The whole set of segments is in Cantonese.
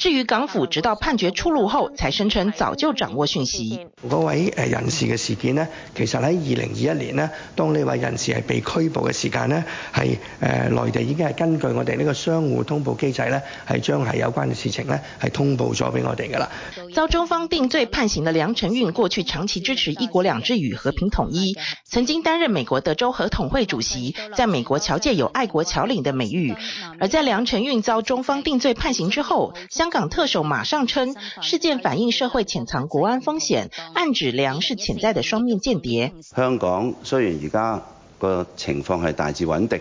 至於港府，直到判決出爐後，才聲稱早就掌握訊息。嗰位誒人士嘅事件呢，其實喺二零二一年呢，當呢位人士係被拘捕嘅時間呢，係誒、呃、內地已經係根據我哋呢個商互通報機制呢，係將係有關嘅事情呢，係通報咗俾我哋噶啦。遭中方定罪判刑嘅梁成運，過去長期支持“一國兩制”與和平統一，曾經擔任美國德州和統會主席，在美國僑界有“愛國僑領”嘅美譽。而在梁成運遭中方定罪判刑之後，香港特首馬上稱事件反映社會潛藏國安風險，暗指梁是潛在的雙面間諜。香港雖然而家個情況係大致穩定，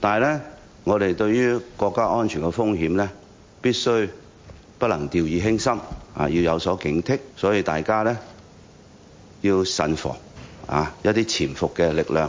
但係咧，我哋對於國家安全嘅風險咧，必須不能掉以輕心啊，要有所警惕。所以大家咧要慎防啊，一啲潛伏嘅力量。